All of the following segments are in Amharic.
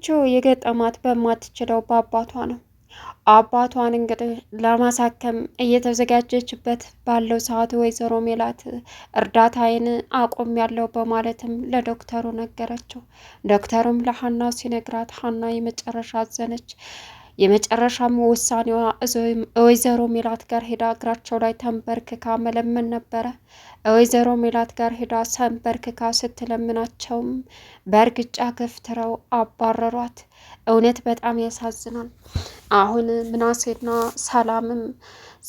ያለችው የገጠማት በማትችለው በአባቷ ነው። አባቷን እንግዲህ ለማሳከም እየተዘጋጀችበት ባለው ሰዓት ወይዘሮ ሜላት እርዳታዬን አቆም ያለው በማለትም ለዶክተሩ ነገረችው። ዶክተሩም ለሀና ሲነግራት ሀና የመጨረሻ አዘነች። የመጨረሻም ውሳኔዋ ወይዘሮ ሜላት ጋር ሄዳ እግራቸው ላይ ተንበርክካ መለመን ነበረ። ወይዘሮ ሜላት ጋር ሄዳ ተንበርክካ ስትለምናቸውም በእርግጫ ገፍትረው አባረሯት። እውነት በጣም ያሳዝናል። አሁን ምናሴና ሰላምም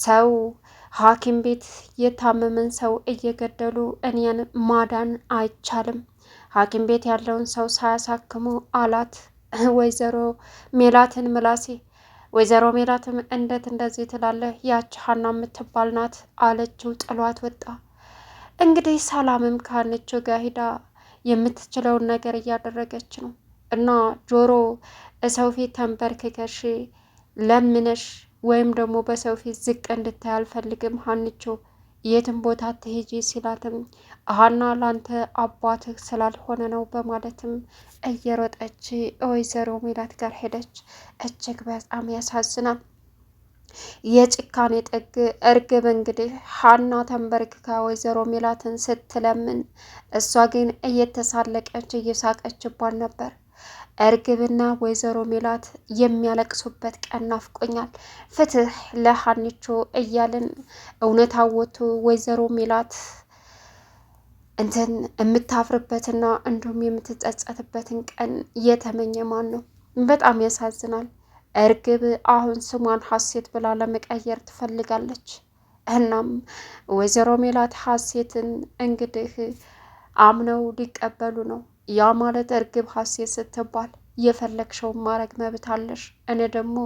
ሰው ሐኪም ቤት የታመመን ሰው እየገደሉ እኔን ማዳን አይቻልም፣ ሐኪም ቤት ያለውን ሰው ሳያሳክሙ አላት ወይዘሮ ሜላትን ምላሴ ወይዘሮ ሜላትም እንዴት እንደዚህ ትላለህ? ያች ሀና የምትባል ናት አለችው። ጥሏት ወጣ። እንግዲህ ሰላምም ካንችው ጋር ሂዳ የምትችለውን ነገር እያደረገች ነው እና ጆሮ ሰው ፊት ተንበርክከሽ ለምነሽ ወይም ደግሞ በሰው ፊት ዝቅ እንድታይ አልፈልግም ሀንቾ የትም ቦታ አትሄጂ ሲላትም አሀና ላንተ አባትህ ስላልሆነ ነው በማለትም እየሮጠች ወይዘሮ ሜላት ጋር ሄደች። እጅግ በጣም ያሳዝናል። የጭካኔ ጥግ እርግብ እንግዲህ ሀና ተንበርክካ ወይዘሮ ሜላትን ስትለምን፣ እሷ ግን እየተሳለቀች እየሳቀች እየሳቀችባት ነበር። እርግብና ወይዘሮ ሜላት የሚያለቅሱበት ቀን ናፍቆኛል፣ ፍትህ ለሀኒቾ እያልን እውነት አወቱ ወይዘሮ ሜላት እንትን የምታፍርበትና እንዲሁም የምትጸጸትበትን ቀን እየተመኘ ማን ነው? በጣም ያሳዝናል። እርግብ አሁን ስሟን ሀሴት ብላ ለመቀየር ትፈልጋለች። እናም ወይዘሮ ሜላት ሀሴትን እንግዲህ አምነው ሊቀበሉ ነው። ያ ማለት እርግብ ሀሴት ስትባል የፈለግሽውን ማድረግ መብት አለሽ። እኔ ደግሞ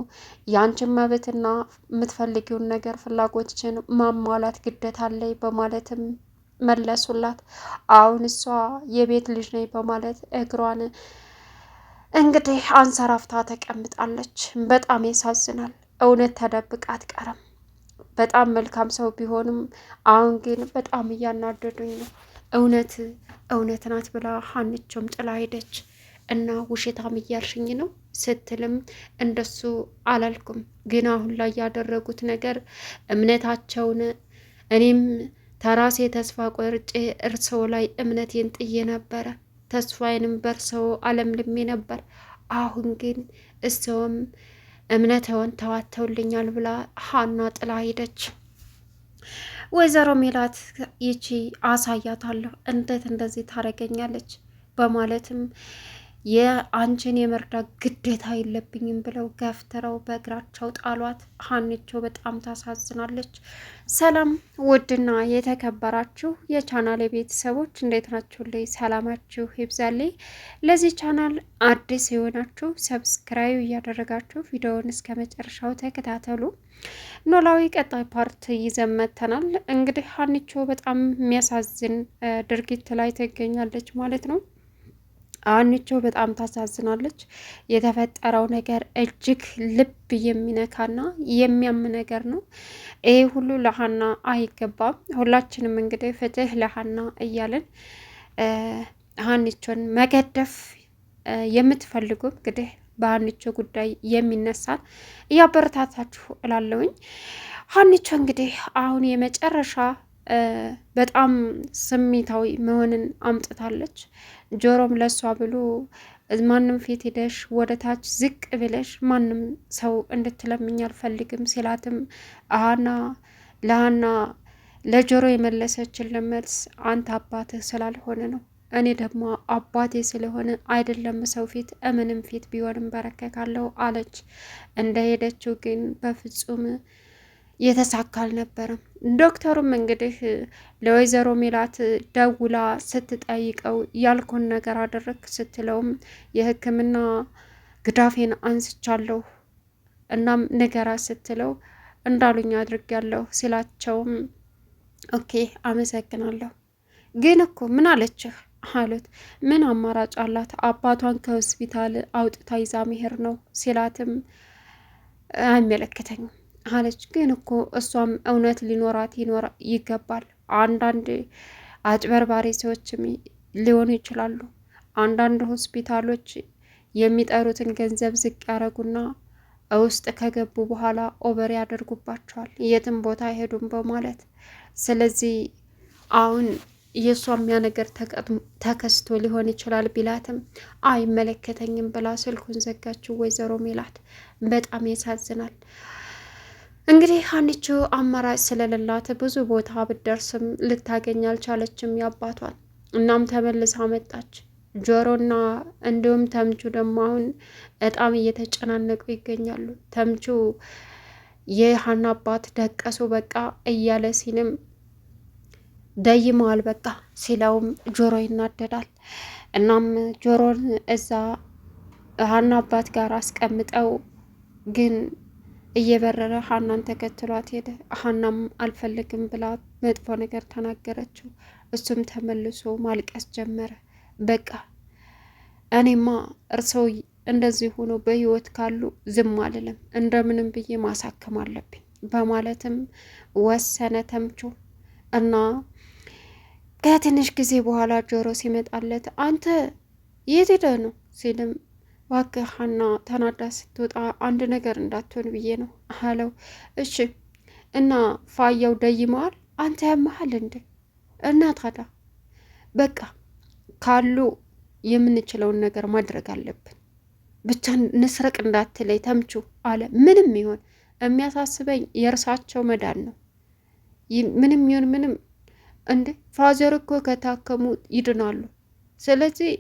የአንችን መብትና የምትፈልጊውን ነገር ፍላጎትችን ማሟላት ግዴታ አለኝ በማለትም መለሱላት። አሁን እሷ የቤት ልጅ ነኝ በማለት እግሯን እንግዲህ አንሰራፍታ ተቀምጣለች። በጣም ያሳዝናል። እውነት ተደብቅ አትቀርም። በጣም መልካም ሰው ቢሆንም አሁን ግን በጣም እያናደዱኝ ነው። እውነት እውነት ናት ብላ ሀንቾም ጥላ ሄደች። እና ውሸታም እያልሽኝ ነው ስትልም እንደሱ አላልኩም፣ ግን አሁን ላይ ያደረጉት ነገር እምነታቸውን እኔም ተራሴ ተስፋ ቆርጬ እርሰው ላይ እምነቴን ጥዬ ነበረ። ተስፋዬንም በእርስዎ አለምልሜ ነበር። አሁን ግን እሰውም እምነትውን ተዋተውልኛል ብላ ሀና ጥላ ሄደች። ወይዘሮ ሜላት ይቺ አሳያታለሁ እንዴት እንደዚህ ታደርገኛለች በማለትም የአንቺን የመርዳት ግዴታ የለብኝም ብለው ገፍትረው በእግራቸው ጣሏት። ሀንቾ በጣም ታሳዝናለች። ሰላም ውድና የተከበራችሁ የቻናል ቤተሰቦች እንዴት ናችሁ? ላይ ሰላማችሁ ይብዛልኝ። ለዚህ ቻናል አዲስ የሆናችሁ ሰብስክራይብ እያደረጋችሁ ቪዲዮውን እስከ መጨረሻው ተከታተሉ። ኖላዊ ቀጣይ ፓርት ይዘን መጥተናል። እንግዲህ ሀንቾ በጣም የሚያሳዝን ድርጊት ላይ ትገኛለች ማለት ነው አንቾ በጣም ታሳዝናለች። የተፈጠረው ነገር እጅግ ልብ የሚነካና የሚያም ነገር ነው። ይሄ ሁሉ ለሀና አይገባም። ሁላችንም እንግዲህ ፍትህ ለሀና እያለን ሀኒቾን መገደፍ የምትፈልጉ እንግዲህ በሀኒቾ ጉዳይ የሚነሳ እያበረታታችሁ እላለውኝ። ሀኒቾ እንግዲህ አሁን የመጨረሻ በጣም ስሜታዊ መሆንን አምጥታለች። ጆሮም ለሷ ብሎ ማንም ፊት ሄደሽ ወደ ታች ዝቅ ብለሽ ማንም ሰው እንድትለምኝ አልፈልግም ሲላትም አሃና ለሃና ለጆሮ የመለሰችን መልስ አንተ አባትህ ስላልሆነ ነው እኔ ደግሞ አባቴ ስለሆነ አይደለም ሰው ፊት እምንም ፊት ቢሆንም በረከካለሁ አለች። እንደሄደችው ግን በፍጹም የተሳካ አልነበረም። ዶክተሩም እንግዲህ ለወይዘሮ ሜላት ደውላ ስትጠይቀው ያልኩን ነገር አደረግ ስትለውም የሕክምና ግዳፌን አንስቻለሁ እናም ንገራ ስትለው እንዳሉኝ ያለሁ ሲላቸውም ኦኬ አመሰግናለሁ፣ ግን እኮ ምን አለችህ አሉት። ምን አማራጭ አላት አባቷን ከሆስፒታል አውጥታ ይዛ መሄድ ነው ሲላትም አይመለከተኝም አለች። ግን እኮ እሷም እውነት ሊኖራት ይገባል። አንዳንድ አጭበርባሪ ሰዎችም ሊሆኑ ይችላሉ። አንዳንድ ሆስፒታሎች የሚጠሩትን ገንዘብ ዝቅ ያደረጉና ውስጥ ከገቡ በኋላ ኦቨር ያደርጉባቸዋል። የትም ቦታ አይሄዱም በማለት ስለዚህ አሁን የእሷም ያ ነገር ተከስቶ ሊሆን ይችላል ቢላትም አይመለከተኝም ብላ ስልኩን ዘጋችው። ወይዘሮ ሜላት በጣም ያሳዝናል። እንግዲህ ሀኒቾ አማራጭ ስለሌላት ብዙ ቦታ ብደርስም ልታገኝ አልቻለችም ያባቷል። እናም ተመልሳ መጣች። ጆሮና እንዲሁም ተምቹ ደግሞ አሁን በጣም እየተጨናነቁ ይገኛሉ። ተምቹ የሀና አባት ደቀሱ በቃ እያለ ሲልም ደይመዋል በቃ ሲለውም ጆሮ ይናደዳል። እናም ጆሮን እዛ ሀና አባት ጋር አስቀምጠው ግን እየበረረ ሀናን ተከትሏት ሄደ። ሀናም አልፈልግም ብላ መጥፎ ነገር ተናገረችው። እሱም ተመልሶ ማልቀስ ጀመረ። በቃ እኔማ እርሰው እንደዚህ ሆኖ በህይወት ካሉ ዝም አልልም፣ እንደምንም ብዬ ማሳከም አለብኝ በማለትም ወሰነ ተምቹ እና ከትንሽ ጊዜ በኋላ ጆሮ ሲመጣለት አንተ የት ሄደህ ነው ሲልም እባክህ ሀና ተናዳ ስትወጣ አንድ ነገር እንዳትሆን ብዬ ነው አለው። እሺ እና ፋየው ደይመዋል? አንተ ያመሃል እንደ እና ታዲያ በቃ ካሉ የምንችለውን ነገር ማድረግ አለብን። ብቻ ንስረቅ እንዳትለይ ተምቹ አለ። ምንም ይሆን የሚያሳስበኝ የእርሳቸው መዳን ነው። ምንም ይሆን ምንም እንዴ ፋዘር እኮ ከታከሙ ይድናሉ። ስለዚህ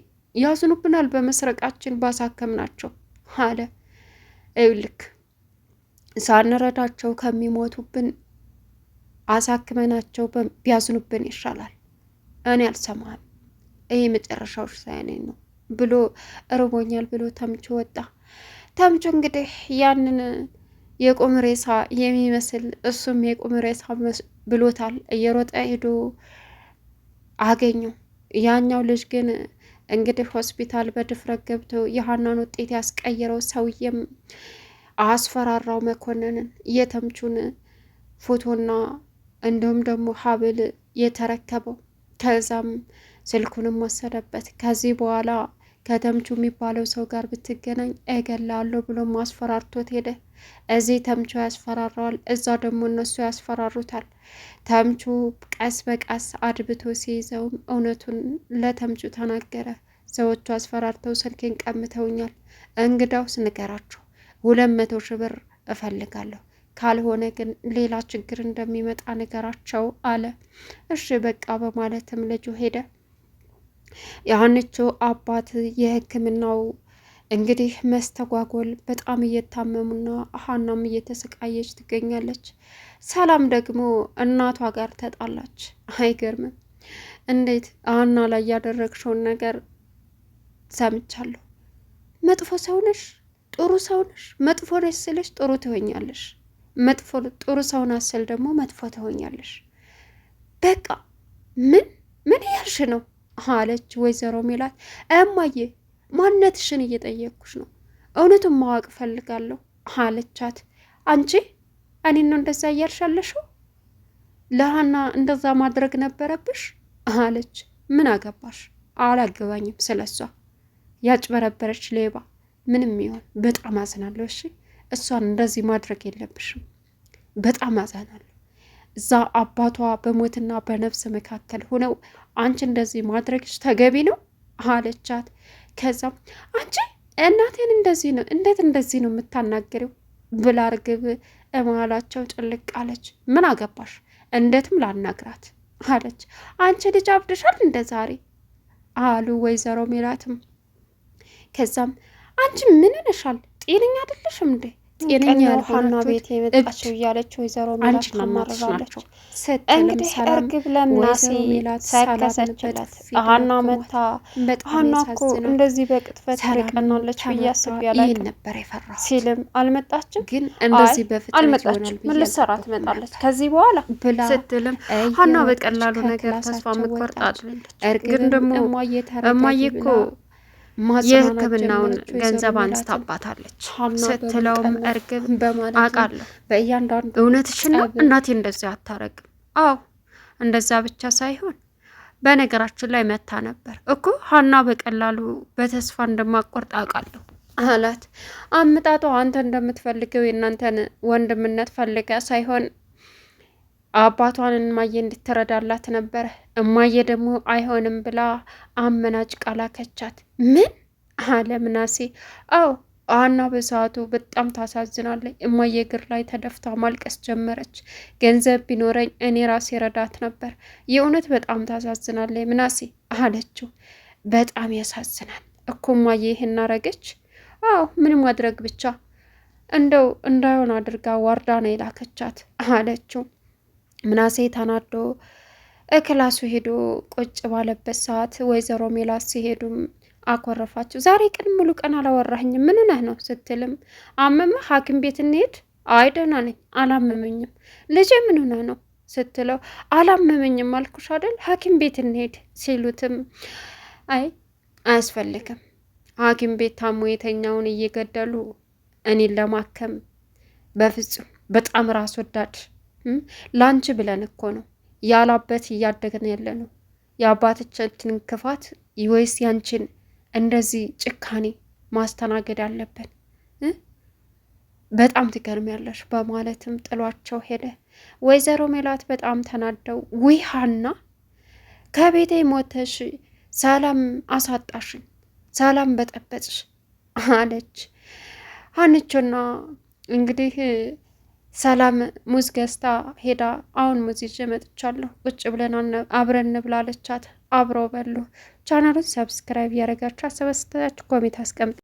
ያዝኑብናል በመስረቃችን ባሳከምናቸው አለ። ይልክ ሳንረዳቸው ከሚሞቱብን አሳክመናቸው ቢያዝኑብን ይሻላል። እኔ አልሰማህም፣ ይህ የመጨረሻው ውሳኔ ነው ብሎ እርቦኛል ብሎ ተምቹ ወጣ። ተምቹ እንግዲህ ያንን የቁም ሬሳ የሚመስል እሱም የቁም ሬሳ ብሎታል። እየሮጠ ሄዶ አገኘው። ያኛው ልጅ ግን እንግዲህ ሆስፒታል በድፍረት ገብቶ የሀናን ውጤት ያስቀየረው ሰውዬም አስፈራራው መኮንንን የተምቹን ፎቶና እንዲሁም ደግሞ ሀብል የተረከበው። ከዛም ስልኩንም ወሰደበት። ከዚህ በኋላ ከተምቹ የሚባለው ሰው ጋር ብትገናኝ እገላለሁ ብሎ ማስፈራርቶት ሄደ። እዚህ ተምቹ ያስፈራረዋል፣ እዛ ደግሞ እነሱ ያስፈራሩታል። ተምቹ ቀስ በቀስ አድብቶ ሲይዘውም እውነቱን ለተምቹ ተናገረ። ሰዎቹ አስፈራርተው ስልኬን ቀምተውኛል። እንግዳው ስንገራችሁ ሁለት መቶ ሺህ ብር እፈልጋለሁ ካልሆነ ግን ሌላ ችግር እንደሚመጣ ነገራቸው አለ። እሺ በቃ በማለትም ልጁ ሄደ። የሀኒቾ አባት የህክምናው እንግዲህ መስተጓጎል በጣም እየታመሙና ሀናም እየተሰቃየች ትገኛለች። ሰላም ደግሞ እናቷ ጋር ተጣላች። አይገርምም? እንዴት ሀና ላይ ያደረግሽውን ነገር ሰምቻለሁ። መጥፎ ሰው ነሽ፣ ጥሩ ሰው ነሽ። መጥፎ ነሽ ስልሽ ጥሩ ትሆኛለሽ፣ መጥፎ ጥሩ ሰውን አስል ደግሞ መጥፎ ትሆኛለሽ። በቃ ምን ምን ያልሽ ነው አለች ወይዘሮ ሜላት። እማዬ ማንነትሽን እየጠየቅኩሽ ነው፣ እውነቱን ማወቅ ፈልጋለሁ አለቻት። አንቺ እኔን ነው እንደዛ እያልሻለሽው? ለሀና እንደዛ ማድረግ ነበረብሽ አለች። ምን አገባሽ? አላገባኝም ስለሷ ያጭበረበረች ሌባ ምንም ይሆን በጣም አዝናለሁ። እሺ እሷን እንደዚህ ማድረግ የለብሽም። በጣም አዝናለሁ። እዛ አባቷ በሞትና በነፍስ መካከል ሆነው አንቺ እንደዚህ ማድረግሽ ተገቢ ነው አለቻት። ከዛም አንቺ እናቴን እንደዚህ ነው እንዴት እንደዚህ ነው የምታናገሪው ብላ እርግብ እማላቸው ጭልቅ አለች። ምን አገባሽ እንዴትም ላናግራት አለች። አንቺ ልጅ አብድሻል እንደ ዛሬ አሉ ወይዘሮ ሜላትም። ከዛም አንቺ ምን ነሻል ጤነኛ አይደለሽም እንዴ ጤነኛ ያልሆኑና ቤት የመጣችው እያለች ወይዘሮ ሚላት ታማርራለች። እንግዲህ እርግብ ለምናሴ ሰከሰችለት። ሀና መታ ሀና እኮ እንደዚህ በቅጥፈት ርቀናለች ብዬ አስቤ አላውቅም ነበር የፈራ ሲልም አልመጣችም፣ ግን እንደዚህ በፍጥነት አልመጣችም። ምን ልትሰራ ትመጣለች ከዚህ በኋላ ስትልም ሀና በቀላሉ ነገር ተስፋ የምትቆርጥ እርግብ ደግሞ እማዬ እኮ የሕክምናውን ገንዘብ አንስታባታለች ስትለውም እርግብ አውቃለሁ፣ በእያንዳንዱ ነው እናቴ እንደዚህ አታረግም። አዎ እንደዛ ብቻ ሳይሆን በነገራችን ላይ መታ ነበር እኮ ሀና በቀላሉ በተስፋ እንደማቆርጥ አውቃለሁ አላት። አምጣጦ አንተ እንደምትፈልገው የእናንተን ወንድምነት ፈልጋ ሳይሆን አባቷን እማዬ እንድትረዳላት ነበረ። እማዬ ደግሞ አይሆንም ብላ አመናጭ ቃላ ከቻት። ምን አለ ምናሴ? አዎ አና በሰዓቱ በጣም ታሳዝናለች። እማዬ እግር ላይ ተደፍታ ማልቀስ ጀመረች። ገንዘብ ቢኖረኝ እኔ ራሴ ረዳት ነበር። የእውነት በጣም ታሳዝናለች ምናሴ አለችው። በጣም ያሳዝናል እኮ እማዬ ይህን አረገች። አዎ ምን ማድረግ ብቻ እንደው እንዳይሆን አድርጋ ዋርዳና የላከቻት አለችው። ምናሴ ተናዶ እክላሱ ሄዶ ቁጭ ባለበት ሰዓት ወይዘሮ ሜላት ሲሄዱም አኮረፋቸው። ዛሬ ቀን ሙሉ ቀን አላወራኝም፣ ምን ነህ ነው ስትልም፣ አመመ ሐኪም ቤት እንሄድ። አይ ደህና ነኝ፣ አላመመኝም። ልጄ ምን ነው ስትለው፣ አላመመኝም አልኩሽ አይደል፣ ሐኪም ቤት እንሄድ ሲሉትም፣ አይ አያስፈልግም፣ ሐኪም ቤት ታሞ የተኛውን እየገደሉ እኔን ለማከም በፍጹም በጣም ራስ ወዳድ ላንቺ ብለን እኮ ነው ያላበት እያደግን ያለ ነው። የአባቶቻችንን ክፋት ወይስ ያንቺን እንደዚህ ጭካኔ ማስተናገድ አለብን? በጣም ትገርሚያለሽ በማለትም ጥሏቸው ሄደ። ወይዘሮ ሜላት በጣም ተናደው ዊሃና ከቤቴ ሞተሽ ሰላም አሳጣሽን፣ ሰላም በጠበጥሽ አለች ሀንቾና እንግዲህ ሰላም ሙዝ ገዝታ ሄዳ አሁን ሙዝ ይዤ መጥቻለሁ፣ ቁጭ ብለን አብረን እንብላለቻት። አብረው በሉ። ቻናሉን ሰብስክራይብ ያደረጋችሁ አሰበስታችሁ ኮሜንት አስቀምጡ።